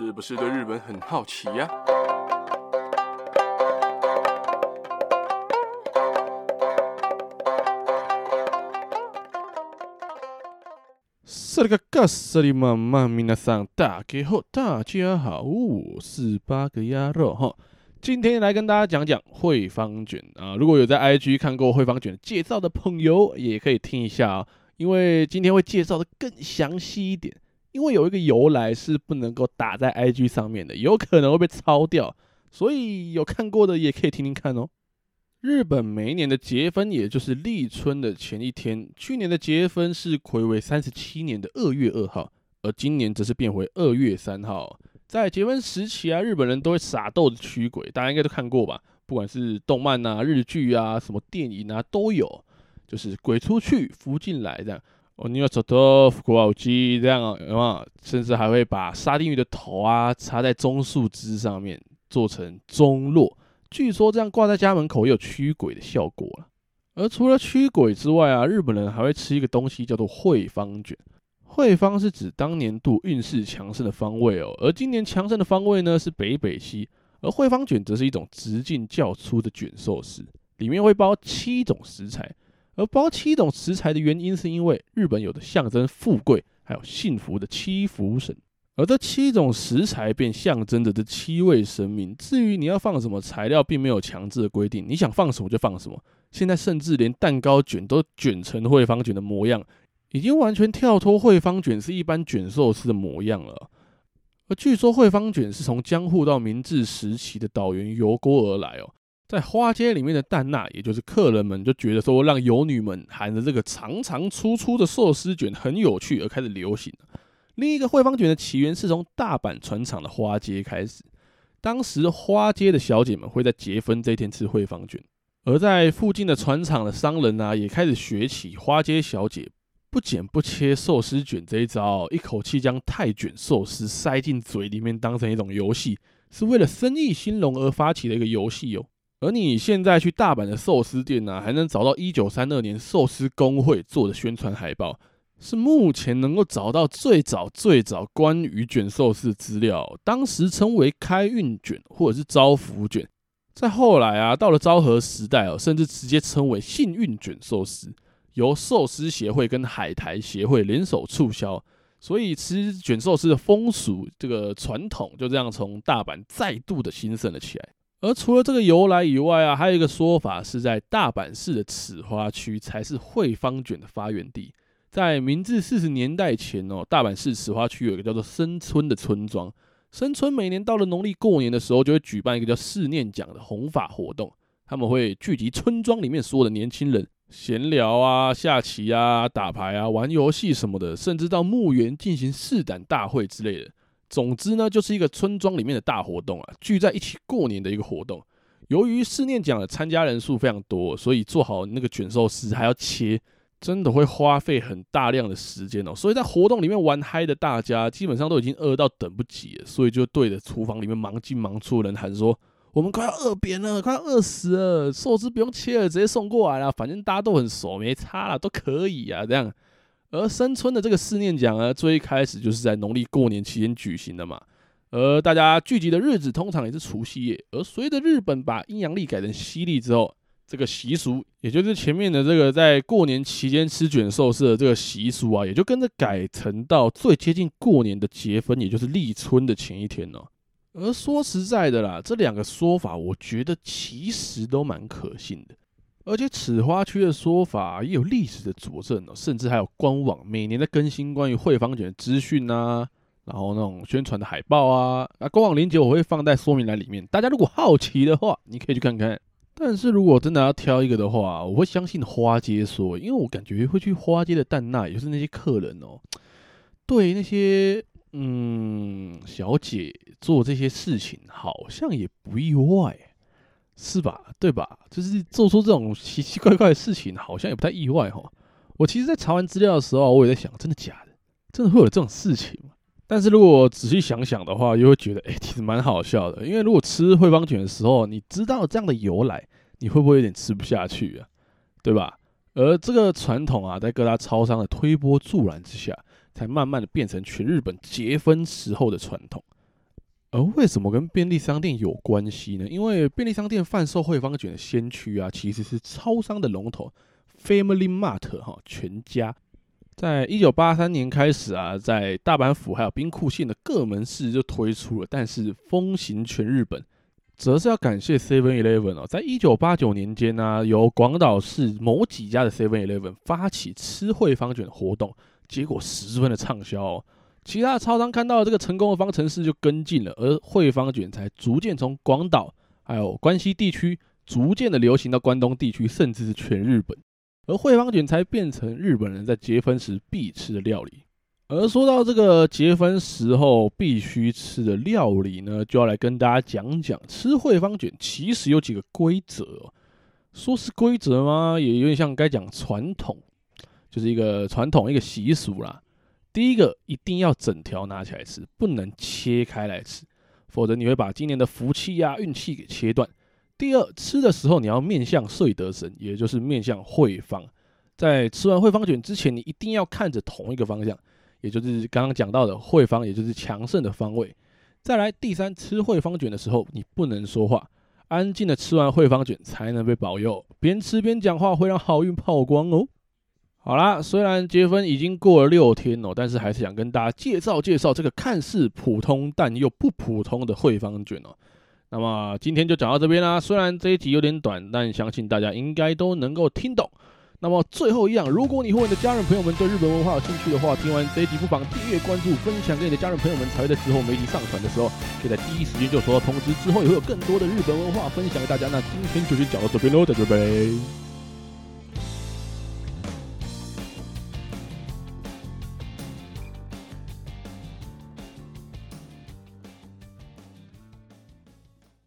是不是對日本很好奇呀？大家好，大家好，我是八格牙路吼。今天來跟大家講講惠方卷啊。如果有在 IG 看過惠方卷介紹的朋友，也可以聽一下啊、哦，因為今天會介紹的更詳細一點。因為有一個由來是不能夠打在 IG 上面的，有可能會被抄掉，所以有看過的也可以聽聽看哦。日本每一年的節分，也就是立春的前一天，去年的節分是睽違三十七年的二月二號，而今年則是變回二月三號。在節分時期啊，日本人都會撒豆驅鬼，大家應該都看過吧？不管是動漫啊、日劇啊、什麼電影啊，都有，就是鬼出去，福進來這樣哦，你要抽刀割肉機這樣啊，甚至還會把沙丁魚的頭啊插在棕樹枝上面，做成棕落。據說這樣掛在家門口也有驅鬼的效果、啊、而除了驅鬼之外啊，日本人還會吃一個東西叫做惠方卷。惠方是指當年度運勢強盛的方位哦、喔，而今年強盛的方位呢是北北西。而惠方卷則是一種直徑較粗的卷壽司，裡面會包七種食材。而包七種食材的原因，是因為日本有着象徵富貴還有幸福的七福神，而這七種食材便象徵着這七位神明。至於你要放什麼材料，並沒有強制的規定，你想放什麼就放什麼。現在甚至連蛋糕卷都卷成惠方卷的模樣，已經完全跳脫惠方卷是一般卷壽司的模樣了。而據說惠方卷是從江戶到明治時期的島原遊廓而來哦。在花街裡面的旦那、啊，也就是客人們，就覺得說讓遊女們含着這個長長粗粗的壽司卷很有趣，而開始流行、啊、另一個惠方卷的起源是從大阪船廠的花街開始。當時花街的小姐們會在節分這一天吃惠方卷，而在附近的船廠的商人呢、啊，也開始學起花街小姐不剪不切壽司卷這一招，一口氣將太卷壽司塞進嘴裡面，當成一種遊戲，是為了生意興隆而發起的一個遊戲喲。而你現在去大阪的壽司店呢、啊，還能找到一九三二年壽司工會做的宣傳海報，是目前能夠找到最早最早關於卷壽司的資料。當時稱為開運卷或者是招福卷，再後來啊，到了昭和時代哦、啊，甚至直接稱為幸運卷壽司，由壽司協會跟海苔協會聯手促銷，所以吃卷壽司的風俗這個傳統就這樣從大阪再度的興盛了起來。而除了這個由來以外啊，還有一個說法是在大阪市的此花區才是惠方卷的發源地。在明治四十年代前哦，大阪市此花區有一個叫做深村的村莊。深村每年到了農曆過年的時候，就會舉辦一個叫試念獎的弘法活動。他們會聚集村莊裡面所有的年輕人，閒聊啊、下棋啊、打牌啊、玩遊戲什麼的，甚至到墓園進行試膽大會之類的。總之呢，就是一個村莊裡面的大活動啊，聚在一起過年的一個活動。由於思念獎的參加人數非常多，所以做好那個卷壽司還要切，真的會花費很大量的時間哦、喔。所以在活動裡面玩嗨的大家，基本上都已經餓到等不及了，所以就對着廚房裡面忙進忙出的人喊說：“我們快要餓扁了，快要餓死了，壽司不用切了，直接送過來啦。反正大家都很熟，沒差啦，都可以啊，這樣。”而生春的這個思念獎啊，最一開始就是在農曆過年期間舉行的嘛。而大家聚集的日子通常也是除夕夜。而隨着日本把陰陽曆改成西曆之後，這個習俗，也就是前面的這個在過年期間吃卷壽司的這個習俗啊，也就跟着改成到最接近過年的節分，也就是立春的前一天了、喔。而說實在的啦，這兩個說法，我覺得其實都蠻可信的。而且此花區的說法也有歷史的佐證哦，甚至還有官網每年在更新關於惠方捲的資訊啊，然後那種宣傳的海報啊，那、啊、官網鏈接我會放在說明欄裡面，大家如果好奇的話，你可以去看看。但是如果真的要挑一個的話，我會相信花街說，因為我感覺會去花街的旦那，也就是那些客人哦，對那些嗯小姐做這些事情，好像也不意外。是吧，對吧？就是做出這種奇奇怪怪的事情，好像也不太意外哦，我其實，在查完資料的時候，我也在想，真的假的？真的會有這種事情嗎？但是如果仔細想想的話，又會覺得，哎，其實蠻好笑的。因為如果吃惠方卷的時候，你知道這樣的由來，你會不會有點吃不下去啊？對吧？而這個傳統啊，在各大超商的推波助瀾之下，才慢慢的變成全日本節分時候的傳統。而為什麼跟便利商店有關係呢？因為便利商店販售惠方卷的先驅啊，其實是超商的龍頭 Family Mart 哈全家。在一九八三年開始啊，在大阪府還有兵庫縣的各門市就推出了，但是風行全日本，則是要感謝 Seven Eleven 哦，在一九八九年間呢、啊，由廣島市某幾家的 Seven Eleven 發起吃惠方卷的活動，結果十分的暢銷。其他的超商看到這個成功的方程式就跟進了，而惠方卷才逐漸從廣島，還有關西地區逐漸的流行到關東地區，甚至是全日本。而惠方卷才變成日本人在節分時必吃的料理。而說到這個節分時候必須吃的料理呢，就要來跟大家講講吃惠方卷其實有幾個規則，說是規則嗎，也有點像該講傳統，就是一個傳統一個習俗啦。第一個一定要整條拿起來吃，不能切開來吃，否則你會把今年的福氣呀、啊、運氣給切斷。第二，吃的時候你要面向歲德神，也就是面向惠方，在吃完惠方卷之前，你一定要看着同一個方向，也就是剛剛講到的惠方，也就是強盛的方位。再來，第三，吃惠方卷的時候你不能說話，安靜的吃完惠方卷才能被保佑，邊吃邊講話會讓好運跑光哦。好啦，雖然節分已經過了六天哦、喔，但是還是想跟大家介紹介紹這個看似普通但又不普通的惠方捲哦、喔。那麼今天就講到這邊啦。雖然這一集有點短，但相信大家應該都能夠聽懂。那麼最後一樣，如果你或你的家人朋友們對日本文化有興趣的話，聽完這一集不妨訂閱、關注、分享給你的家人朋友們。才會在之後媒體上傳的時候，可以在第一時間就收到通知。之後也會有更多的日本文化分享給大家。那今天就先講到這邊嘍，大家拜拜。